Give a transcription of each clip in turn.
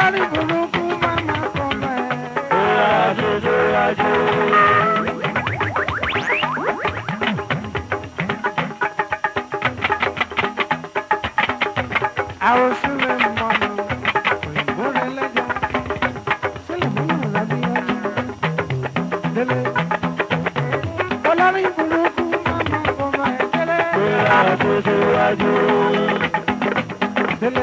olórí burúkú mama kọlọ ẹ. Jọra jọ jọra jọ. Àwọn sílẹ̀ mọ́ mi, òyìnbó rẹ̀ lẹ́jọ́, sílẹ̀ mọ́ mi lábí ọjọ́, délé. Olórí burúkú mama kọlọ ẹ délé. Jọra jọ jọra Délé.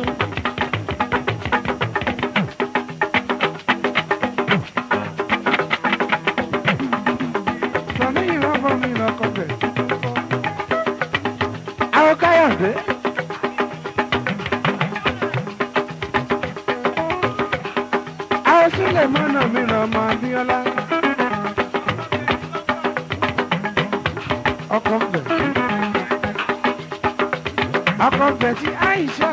dé. àìsílẹ̀ mọ́nà mi ràn ọmọ Abíọ́lá. ọkọ̀ gbẹ̀. Ti gbẹ̀ tí Aisha.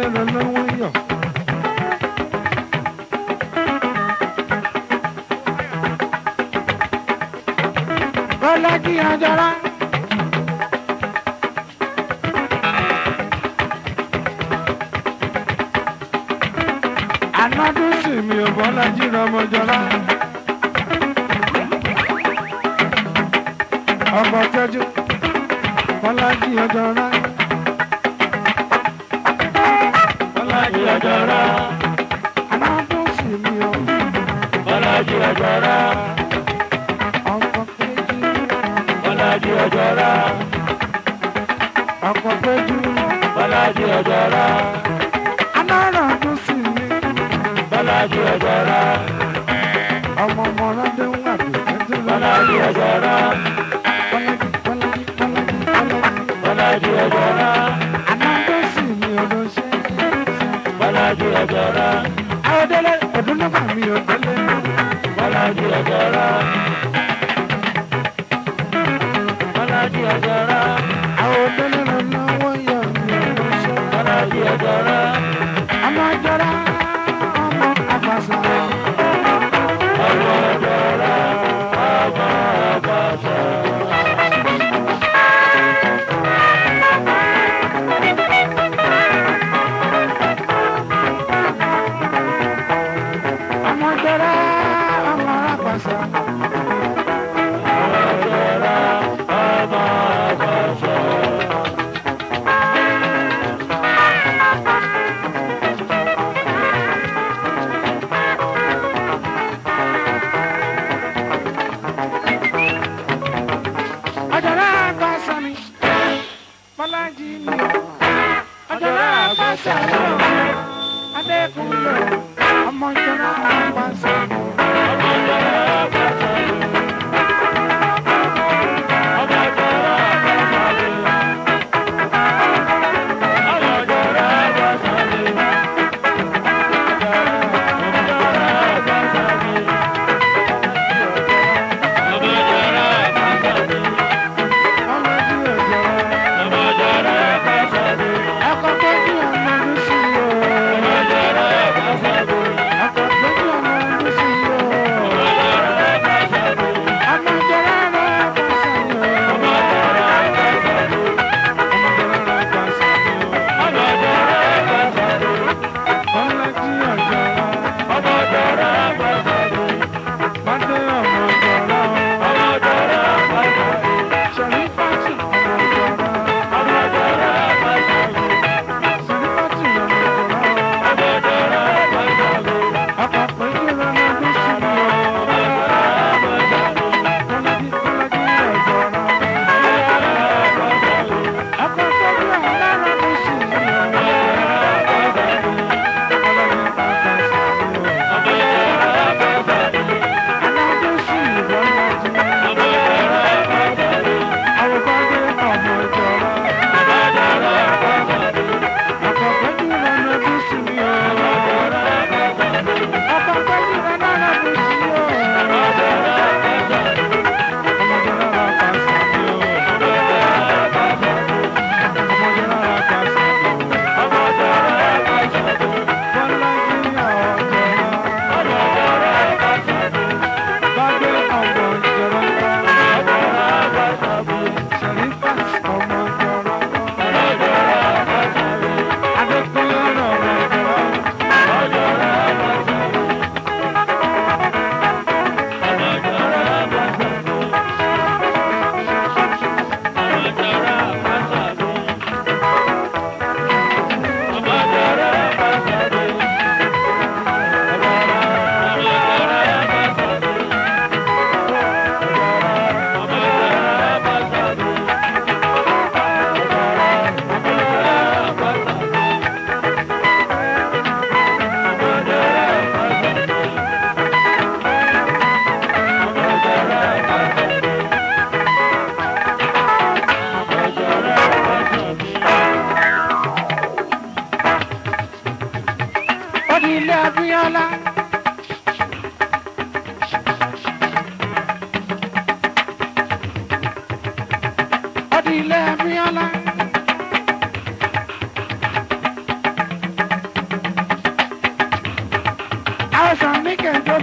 lẹ́nu lọ́wọ́ yọ̀. Bọ́lájí Àjàrà. Anádùn sì mi ò Bọ́lájí Rọmọjọlá. Ọmọ tẹ́jú Bọ́lájí Bọ́lájí Àjàrà. alábọ̀sì mi o. Bọ́lájí Àjàrà. ọkọ̀ péjú. Bọ́lájí Àjàrà. ọkọ̀ péjú. Bọ́lájí Àjàrà. ọ̀gọ̀rọ̀. Ayọ̀délé ọdún nígbà mi ò tẹ́lẹ̀ Bọ́lájí ọ̀gọ̀rọ̀. Bọ́lájí ọ̀gọ̀rọ̀. Àwọn ọ̀dẹ́lẹ̀ lọ náwó yọ̀ mí ọ̀ṣẹ́ Bọ́lájí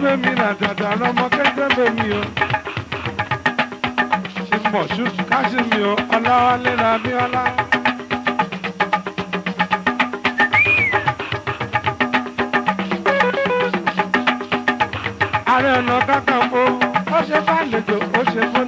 bẹ́ mi nà dàdà lọ́mọ kẹ́gbẹ́ bẹ́ mi o. Ṣé mọ̀ ṣú káṣí mi o, Ọláwálé ra mi ọlá. Ààrẹ ọ̀nà Kakanfò ó ṣe fàlejò ó ṣe fún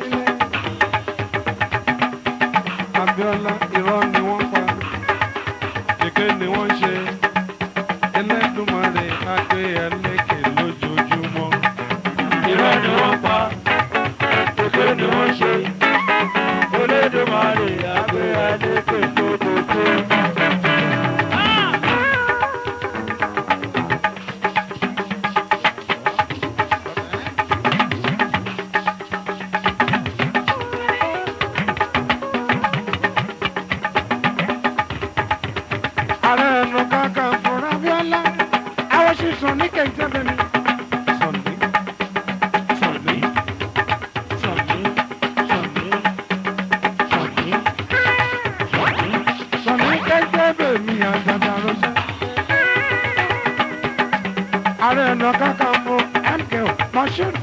èmi àjàdà rọṣẹ́. ààrẹ ọ̀nà kakanfò MKO Mashood.